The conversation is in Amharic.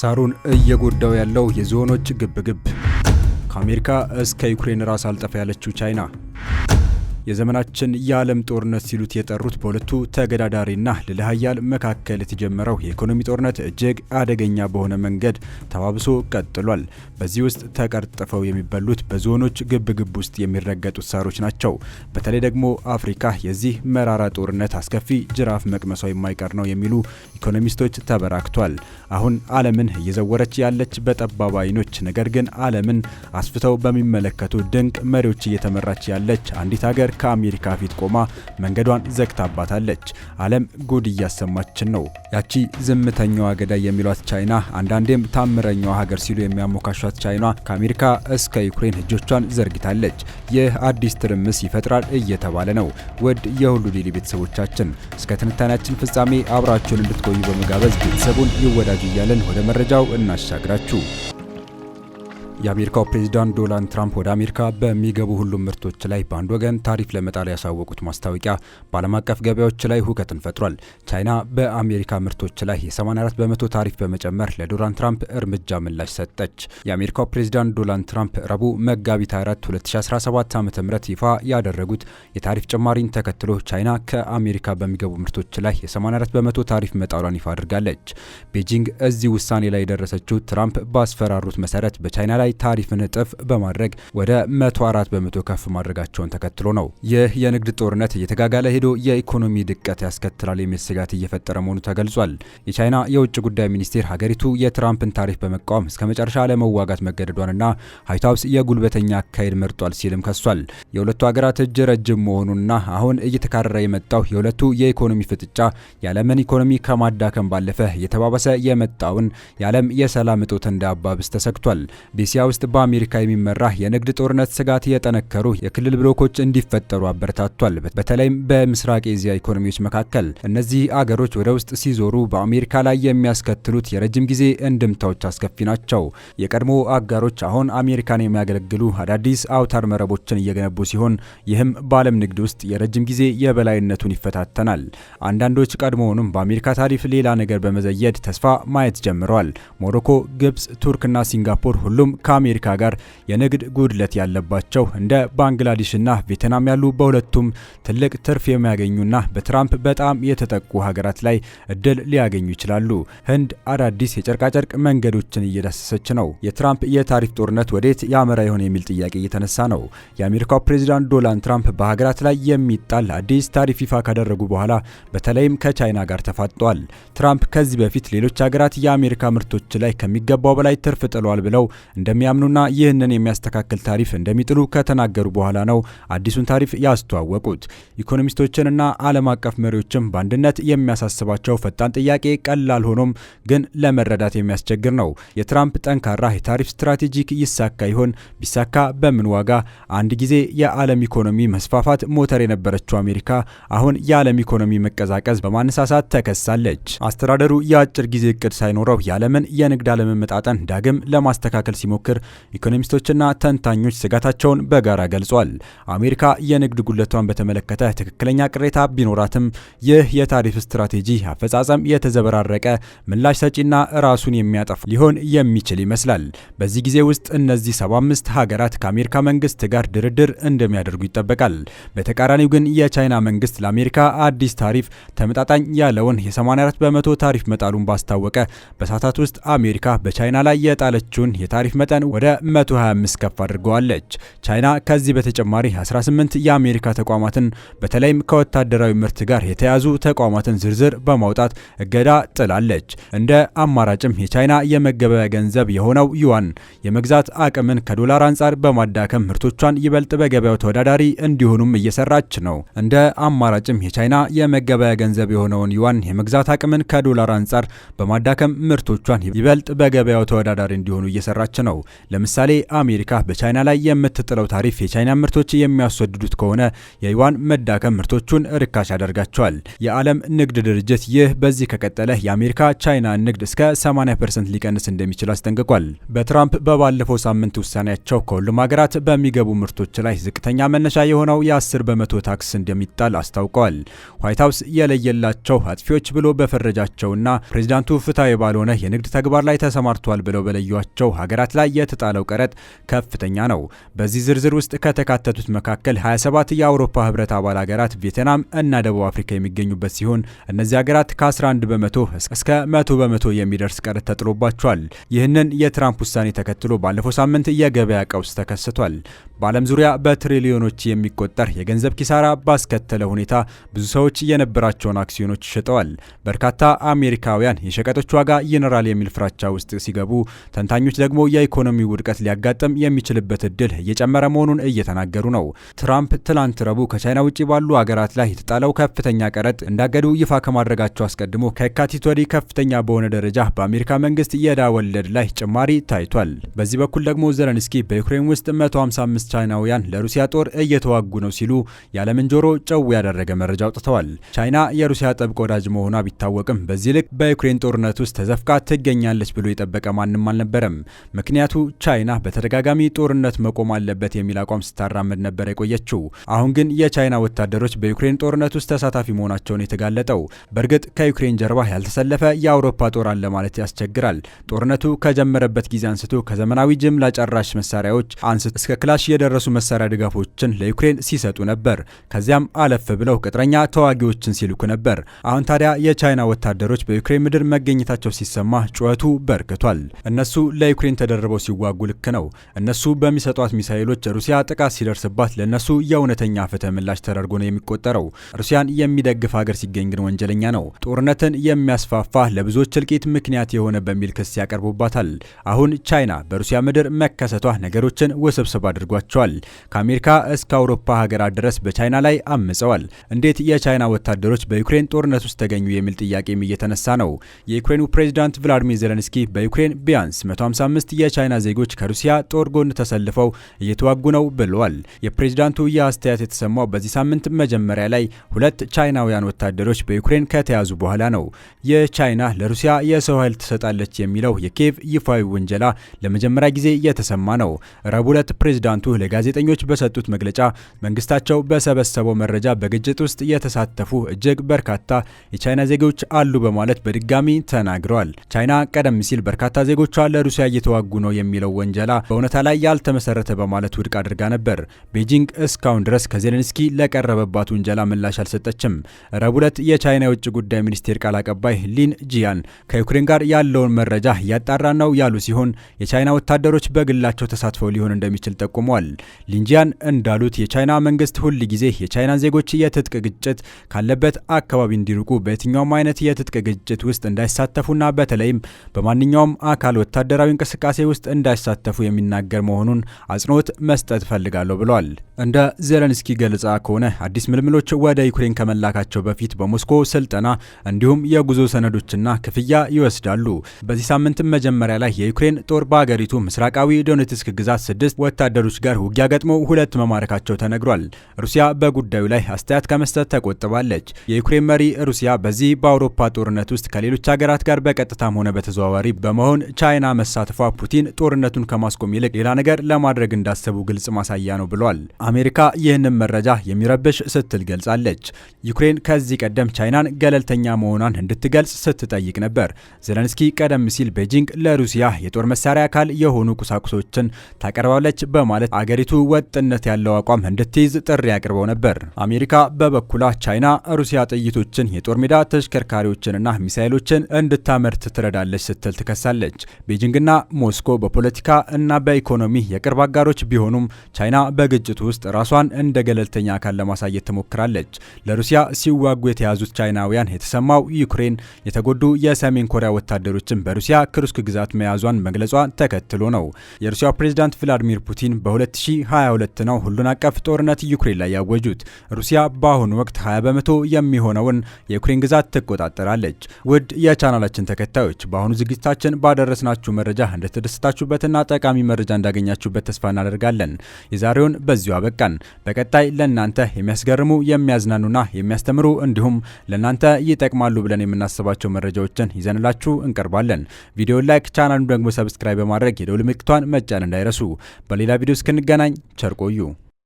ሳሩን እየጎዳው ያለው የዝሆኖች ግብግብ ከአሜሪካ እስከ ዩክሬን ራስ አልጠፋ ያለችው ቻይና የዘመናችን የዓለም ጦርነት ሲሉት የጠሩት በሁለቱ ተገዳዳሪና ልዕለ ኃያል መካከል የተጀመረው የኢኮኖሚ ጦርነት እጅግ አደገኛ በሆነ መንገድ ተባብሶ ቀጥሏል። በዚህ ውስጥ ተቀርጥፈው የሚበሉት በዞኖች ግብግብ ውስጥ የሚረገጡት ሳሮች ናቸው። በተለይ ደግሞ አፍሪካ የዚህ መራራ ጦርነት አስከፊ ጅራፍ መቅመሷ የማይቀር ነው የሚሉ ኢኮኖሚስቶች ተበራክቷል። አሁን ዓለምን እየዘወረች ያለች በጠባብ አይኖች፣ ነገር ግን ዓለምን አስፍተው በሚመለከቱ ድንቅ መሪዎች እየተመራች ያለች አንዲት ሀገር ከአሜሪካ ፊት ቆማ መንገዷን ዘግታባታለች። ዓለም ጉድ እያሰማችን ነው። ያቺ ዝምተኛዋ ገዳይ የሚሏት ቻይና፣ አንዳንዴም ታምረኛዋ ሀገር ሲሉ የሚያሞካሿት ቻይና ከአሜሪካ እስከ ዩክሬን እጆቿን ዘርግታለች። ይህ አዲስ ትርምስ ይፈጥራል እየተባለ ነው። ውድ የሁሉ ዴይሊ ቤተሰቦቻችን እስከ ትንታኔያችን ፍጻሜ አብራችሁን እንድትቆዩ በመጋበዝ ቤተሰቡን ይወዳጁ እያለን ወደ መረጃው እናሻግራችሁ። የአሜሪካው ፕሬዚዳንት ዶናልድ ትራምፕ ወደ አሜሪካ በሚገቡ ሁሉም ምርቶች ላይ በአንድ ወገን ታሪፍ ለመጣል ያሳወቁት ማስታወቂያ በዓለም አቀፍ ገበያዎች ላይ ሁከትን ፈጥሯል። ቻይና በአሜሪካ ምርቶች ላይ የ84 በመቶ ታሪፍ በመጨመር ለዶናልድ ትራምፕ እርምጃ ምላሽ ሰጠች። የአሜሪካው ፕሬዚዳንት ዶናልድ ትራምፕ ረቡዕ መጋቢት 24 2017 ዓ ም ይፋ ያደረጉት የታሪፍ ጭማሪን ተከትሎ ቻይና ከአሜሪካ በሚገቡ ምርቶች ላይ የ84 በመቶ ታሪፍ መጣሏን ይፋ አድርጋለች። ቤጂንግ እዚህ ውሳኔ ላይ የደረሰችው ትራምፕ ባስፈራሩት መሰረት በቻይና ላይ ታሪፍ ንጥፍ በማድረግ ወደ 104 በመቶ ከፍ ማድረጋቸውን ተከትሎ ነው። ይህ የንግድ ጦርነት እየተጋጋለ ሄዶ የኢኮኖሚ ድቀት ያስከትላል የሚል ስጋት እየፈጠረ መሆኑ ተገልጿል። የቻይና የውጭ ጉዳይ ሚኒስቴር ሀገሪቱ የትራምፕን ታሪፍ በመቃወም እስከ መጨረሻ ለመዋጋት መገደዷንና ዋይት ሀውስ የጉልበተኛ አካሄድ መርጧል ሲልም ከሷል። የሁለቱ ሀገራት እጅ ረጅም መሆኑና አሁን እየተካረረ የመጣው የሁለቱ የኢኮኖሚ ፍጥጫ የዓለምን ኢኮኖሚ ከማዳከም ባለፈ እየተባባሰ የመጣውን የዓለም የሰላም እጦት እንዳያባብስ ተሰግቷል። ቢሲ በሩሲያ ውስጥ በአሜሪካ የሚመራ የንግድ ጦርነት ስጋት የጠነከሩ የክልል ብሎኮች እንዲፈጠሩ አበረታቷል። በተለይም በምስራቅ ኤዚያ ኢኮኖሚዎች መካከል እነዚህ አገሮች ወደ ውስጥ ሲዞሩ በአሜሪካ ላይ የሚያስከትሉት የረጅም ጊዜ እንድምታዎች አስከፊ ናቸው። የቀድሞ አጋሮች አሁን አሜሪካን የሚያገለግሉ አዳዲስ አውታር መረቦችን እየገነቡ ሲሆን ይህም በዓለም ንግድ ውስጥ የረጅም ጊዜ የበላይነቱን ይፈታተናል። አንዳንዶች ቀድሞውንም በአሜሪካ ታሪፍ ሌላ ነገር በመዘየድ ተስፋ ማየት ጀምረዋል። ሞሮኮ፣ ግብጽ፣ ቱርክና ሲንጋፖር ሁሉም ከአሜሪካ ጋር የንግድ ጉድለት ያለባቸው እንደ ባንግላዴሽና ቬትናም ያሉ በሁለቱም ትልቅ ትርፍ የሚያገኙና በትራምፕ በጣም የተጠቁ ሀገራት ላይ እድል ሊያገኙ ይችላሉ። ህንድ አዳዲስ የጨርቃጨርቅ መንገዶችን እየዳሰሰች ነው። የትራምፕ የታሪፍ ጦርነት ወዴት ያመራ ይሆን የሚል ጥያቄ እየተነሳ ነው። የአሜሪካው ፕሬዚዳንት ዶናልድ ትራምፕ በሀገራት ላይ የሚጣል አዲስ ታሪፍ ይፋ ካደረጉ በኋላ በተለይም ከቻይና ጋር ተፋጧል። ትራምፕ ከዚህ በፊት ሌሎች ሀገራት የአሜሪካ ምርቶች ላይ ከሚገባው በላይ ትርፍ ጥሏል ብለው እንደ እንደሚያምኑና ይህንን የሚያስተካክል ታሪፍ እንደሚጥሉ ከተናገሩ በኋላ ነው አዲሱን ታሪፍ ያስተዋወቁት። ኢኮኖሚስቶችንና ዓለም አቀፍ መሪዎችም በአንድነት የሚያሳስባቸው ፈጣን ጥያቄ ቀላል ሆኖም ግን ለመረዳት የሚያስቸግር ነው። የትራምፕ ጠንካራ የታሪፍ ስትራቴጂክ ይሳካ ይሆን? ቢሳካ በምን ዋጋ? አንድ ጊዜ የዓለም ኢኮኖሚ መስፋፋት ሞተር የነበረችው አሜሪካ አሁን የዓለም ኢኮኖሚ መቀዛቀዝ በማነሳሳት ተከሳለች። አስተዳደሩ የአጭር ጊዜ እቅድ ሳይኖረው የዓለምን የንግድ አለመመጣጠን ዳግም ለማስተካከል ሲሞክር ፉክክር ኢኮኖሚስቶችና ተንታኞች ስጋታቸውን በጋራ ገልጿል። አሜሪካ የንግድ ጉለቷን በተመለከተ ትክክለኛ ቅሬታ ቢኖራትም ይህ የታሪፍ ስትራቴጂ አፈጻጸም የተዘበራረቀ ምላሽ ሰጪና ራሱን የሚያጠፋ ሊሆን የሚችል ይመስላል። በዚህ ጊዜ ውስጥ እነዚህ 75 ሀገራት ከአሜሪካ መንግስት ጋር ድርድር እንደሚያደርጉ ይጠበቃል። በተቃራኒው ግን የቻይና መንግስት ለአሜሪካ አዲስ ታሪፍ ተመጣጣኝ ያለውን የ84 በመቶ ታሪፍ መጣሉን ባስታወቀ በሰዓታት ውስጥ አሜሪካ በቻይና ላይ የጣለችውን የታሪፍ መጠን መጠን ወደ 125 ከፍ አድርገዋለች። ቻይና ከዚህ በተጨማሪ 18 የአሜሪካ ተቋማትን በተለይም ከወታደራዊ ምርት ጋር የተያዙ ተቋማትን ዝርዝር በማውጣት እገዳ ጥላለች። እንደ አማራጭም የቻይና የመገበያ ገንዘብ የሆነው ዩዋን የመግዛት አቅምን ከዶላር አንጻር በማዳከም ምርቶቿን ይበልጥ በገበያው ተወዳዳሪ እንዲሆኑም እየሰራች ነው። እንደ አማራጭም የቻይና የመገበያ ገንዘብ የሆነውን ዩዋን የመግዛት አቅምን ከዶላር አንጻር በማዳከም ምርቶቿን ይበልጥ በገበያው ተወዳዳሪ እንዲሆኑ እየሰራች ነው። ለምሳሌ አሜሪካ በቻይና ላይ የምትጥለው ታሪፍ የቻይና ምርቶች የሚያስወድዱት ከሆነ የዩዋን መዳከም ምርቶቹን ርካሽ ያደርጋቸዋል። የዓለም ንግድ ድርጅት ይህ በዚህ ከቀጠለ የአሜሪካ ቻይና ንግድ እስከ 80 ፐርሰንት ሊቀንስ እንደሚችል አስጠንቅቋል። በትራምፕ በባለፈው ሳምንት ውሳኔያቸው ከሁሉም ሀገራት በሚገቡ ምርቶች ላይ ዝቅተኛ መነሻ የሆነው የ10 በመቶ ታክስ እንደሚጣል አስታውቀዋል። ዋይት ሀውስ የለየላቸው አጥፊዎች ብሎ በፈረጃቸውና ፕሬዚዳንቱ ፍትሐዊ ባልሆነ የንግድ ተግባር ላይ ተሰማርቷል ብለው በለዩቸው ሀገራት ላይ የተጣለው ቀረጥ ከፍተኛ ነው። በዚህ ዝርዝር ውስጥ ከተካተቱት መካከል 27 የአውሮፓ ህብረት አባል ሀገራት ቬትናም እና ደቡብ አፍሪካ የሚገኙበት ሲሆን እነዚህ ሀገራት ከ11 በመቶ እስከ 100 በመቶ የሚደርስ ቀረጥ ተጥሎባቸዋል። ይህንን የትራምፕ ውሳኔ ተከትሎ ባለፈው ሳምንት የገበያ ቀውስ ተከስቷል። በዓለም ዙሪያ በትሪሊዮኖች የሚቆጠር የገንዘብ ኪሳራ ባስከተለ ሁኔታ ብዙ ሰዎች የነበራቸውን አክሲዮኖች ሸጠዋል። በርካታ አሜሪካውያን የሸቀጦች ዋጋ ይኖራል የሚል ፍራቻ ውስጥ ሲገቡ፣ ተንታኞች ደግሞ የኢኮኖ የኢኮኖሚ ውድቀት ሊያጋጥም የሚችልበት እድል እየጨመረ መሆኑን እየተናገሩ ነው። ትራምፕ ትላንት ረቡዕ ከቻይና ውጭ ባሉ አገራት ላይ የተጣለው ከፍተኛ ቀረጥ እንዳገዱ ይፋ ከማድረጋቸው አስቀድሞ ከየካቲት ወዲህ ከፍተኛ በሆነ ደረጃ በአሜሪካ መንግስት የዕዳ ወለድ ላይ ጭማሪ ታይቷል። በዚህ በኩል ደግሞ ዘለንስኪ በዩክሬን ውስጥ 155 ቻይናውያን ለሩሲያ ጦር እየተዋጉ ነው ሲሉ የዓለምን ጆሮ ጨው ያደረገ መረጃ አውጥተዋል። ቻይና የሩሲያ ጥብቅ ወዳጅ መሆኗ ቢታወቅም በዚህ ልክ በዩክሬን ጦርነት ውስጥ ተዘፍቃ ትገኛለች ብሎ የጠበቀ ማንም አልነበረም። ምክንያቱ ምክንያቱ ቻይና በተደጋጋሚ ጦርነት መቆም አለበት የሚል አቋም ስታራምድ ነበር የቆየችው። አሁን ግን የቻይና ወታደሮች በዩክሬን ጦርነት ውስጥ ተሳታፊ መሆናቸውን የተጋለጠው። በእርግጥ ከዩክሬን ጀርባ ያልተሰለፈ የአውሮፓ ጦር አለ ማለት ያስቸግራል። ጦርነቱ ከጀመረበት ጊዜ አንስቶ ከዘመናዊ ጅምላ ጨራሽ መሳሪያዎች አንስ እስከ ክላሽ የደረሱ መሳሪያ ድጋፎችን ለዩክሬን ሲሰጡ ነበር። ከዚያም አለፍ ብለው ቅጥረኛ ተዋጊዎችን ሲልኩ ነበር። አሁን ታዲያ የቻይና ወታደሮች በዩክሬን ምድር መገኘታቸው ሲሰማ ጩኸቱ በርክቷል። እነሱ ለዩክሬን ተደርበው አብረው ሲዋጉ ልክ ነው። እነሱ በሚሰጧት ሚሳይሎች ሩሲያ ጥቃት ሲደርስባት ለእነሱ የእውነተኛ ፍትህ ምላሽ ተደርጎ ነው የሚቆጠረው። ሩሲያን የሚደግፍ ሀገር ሲገኝ ግን ወንጀለኛ ነው። ጦርነትን የሚያስፋፋ ለብዙዎች እልቂት ምክንያት የሆነ በሚል ክስ ያቀርቡባታል። አሁን ቻይና በሩሲያ ምድር መከሰቷ ነገሮችን ውስብስብ አድርጓቸዋል። ከአሜሪካ እስከ አውሮፓ ሀገራት ድረስ በቻይና ላይ አምጸዋል። እንዴት የቻይና ወታደሮች በዩክሬን ጦርነት ውስጥ ተገኙ የሚል ጥያቄም እየተነሳ ነው። የዩክሬኑ ፕሬዚዳንት ቭላዲሚር ዜለንስኪ በዩክሬን ቢያንስ 155 የቻይና የቻይና ዜጎች ከሩሲያ ጦር ጎን ተሰልፈው እየተዋጉ ነው ብለዋል። የፕሬዚዳንቱ ይህ አስተያየት የተሰማው በዚህ ሳምንት መጀመሪያ ላይ ሁለት ቻይናውያን ወታደሮች በዩክሬን ከተያዙ በኋላ ነው። የቻይና ለሩሲያ የሰው ኃይል ትሰጣለች የሚለው የኬቭ ይፋዊ ውንጀላ ለመጀመሪያ ጊዜ የተሰማ ነው። ረቡዕ ዕለት ፕሬዚዳንቱ ለጋዜጠኞች በሰጡት መግለጫ መንግስታቸው በሰበሰበው መረጃ በግጭት ውስጥ የተሳተፉ እጅግ በርካታ የቻይና ዜጎች አሉ በማለት በድጋሚ ተናግረዋል። ቻይና ቀደም ሲል በርካታ ዜጎቿ ለሩሲያ እየተዋጉ ነው የሚለው ወንጀላ በእውነታ ላይ ያልተመሰረተ በማለት ውድቅ አድርጋ ነበር። ቤጂንግ እስካሁን ድረስ ከዜሌንስኪ ለቀረበባት ውንጀላ ምላሽ አልሰጠችም። ረቡዕ ዕለት የቻይና የውጭ ጉዳይ ሚኒስቴር ቃል አቀባይ ሊን ጂያን ከዩክሬን ጋር ያለውን መረጃ ያጣራ ነው ያሉ ሲሆን የቻይና ወታደሮች በግላቸው ተሳትፈው ሊሆን እንደሚችል ጠቁመዋል። ሊንጂያን እንዳሉት የቻይና መንግስት ሁል ጊዜ የቻይናን ዜጎች የትጥቅ ግጭት ካለበት አካባቢ እንዲርቁ በየትኛውም አይነት የትጥቅ ግጭት ውስጥ እንዳይሳተፉና በተለይም በማንኛውም አካል ወታደራዊ እንቅስቃሴ ውስጥ እንዳይሳተፉ የሚናገር መሆኑን አጽንኦት መስጠት እፈልጋለሁ ብለዋል። እንደ ዜለንስኪ ገለጻ ከሆነ አዲስ ምልምሎች ወደ ዩክሬን ከመላካቸው በፊት በሞስኮ ስልጠና እንዲሁም የጉዞ ሰነዶችና ክፍያ ይወስዳሉ። በዚህ ሳምንት መጀመሪያ ላይ የዩክሬን ጦር በአገሪቱ ምስራቃዊ ዶኔትስክ ግዛት ስድስት ወታደሮች ጋር ውጊያ ገጥመው ሁለት መማረካቸው ተነግሯል። ሩሲያ በጉዳዩ ላይ አስተያየት ከመስጠት ተቆጥባለች። የዩክሬን መሪ ሩሲያ በዚህ በአውሮፓ ጦርነት ውስጥ ከሌሎች ሀገራት ጋር በቀጥታም ሆነ በተዘዋዋሪ በመሆን ቻይና መሳተፏ ፑቲን ጦርነቱን ከማስቆም ይልቅ ሌላ ነገር ለማድረግ እንዳሰቡ ግልጽ ማሳያ ነው ብሏል። አሜሪካ ይህንን መረጃ የሚረብሽ ስትል ገልጻለች። ዩክሬን ከዚህ ቀደም ቻይናን ገለልተኛ መሆኗን እንድትገልጽ ስትጠይቅ ነበር። ዜለንስኪ ቀደም ሲል ቤጂንግ ለሩሲያ የጦር መሳሪያ አካል የሆኑ ቁሳቁሶችን ታቀርባለች በማለት አገሪቱ ወጥነት ያለው አቋም እንድትይዝ ጥሪ አቅርበው ነበር። አሜሪካ በበኩላ ቻይና ሩሲያ ጥይቶችን፣ የጦር ሜዳ ተሽከርካሪዎችንና ሚሳይሎችን እንድታመርት ትረዳለች ስትል ትከሳለች። ቤጂንግና ሞስኮ በፖለቲካ እና በኢኮኖሚ የቅርብ አጋሮች ቢሆኑም ቻይና በግጭቱ ውስጥ ራሷን እንደ ገለልተኛ አካል ለማሳየት ትሞክራለች። ለሩሲያ ሲዋጉ የተያዙት ቻይናውያን የተሰማው ዩክሬን የተጎዱ የሰሜን ኮሪያ ወታደሮችን በሩሲያ ክሩስክ ግዛት መያዟን መግለጿ ተከትሎ ነው። የሩሲያው ፕሬዝዳንት ቭላዲሚር ፑቲን በ2022 ነው ሁሉን አቀፍ ጦርነት ዩክሬን ላይ ያወጁት። ሩሲያ በአሁኑ ወቅት 20 በመቶ የሚሆነውን የዩክሬን ግዛት ትቆጣጠራለች። ውድ የቻናላችን ተከታዮች በአሁኑ ዝግጅታችን ባደረስናችሁ መረጃ እንደተደሰታችሁ እንዳላችሁበትና ጠቃሚ መረጃ እንዳገኛችሁበት ተስፋ እናደርጋለን። የዛሬውን በዚሁ አበቃን። በቀጣይ ለእናንተ የሚያስገርሙ የሚያዝናኑና የሚያስተምሩ እንዲሁም ለእናንተ ይጠቅማሉ ብለን የምናስባቸው መረጃዎችን ይዘንላችሁ እንቀርባለን። ቪዲዮ ላይክ፣ ቻናሉን ደግሞ ሰብስክራይብ በማድረግ የደውል ምልክቷን መጫን እንዳይረሱ። በሌላ ቪዲዮ እስክንገናኝ ቸርቆዩ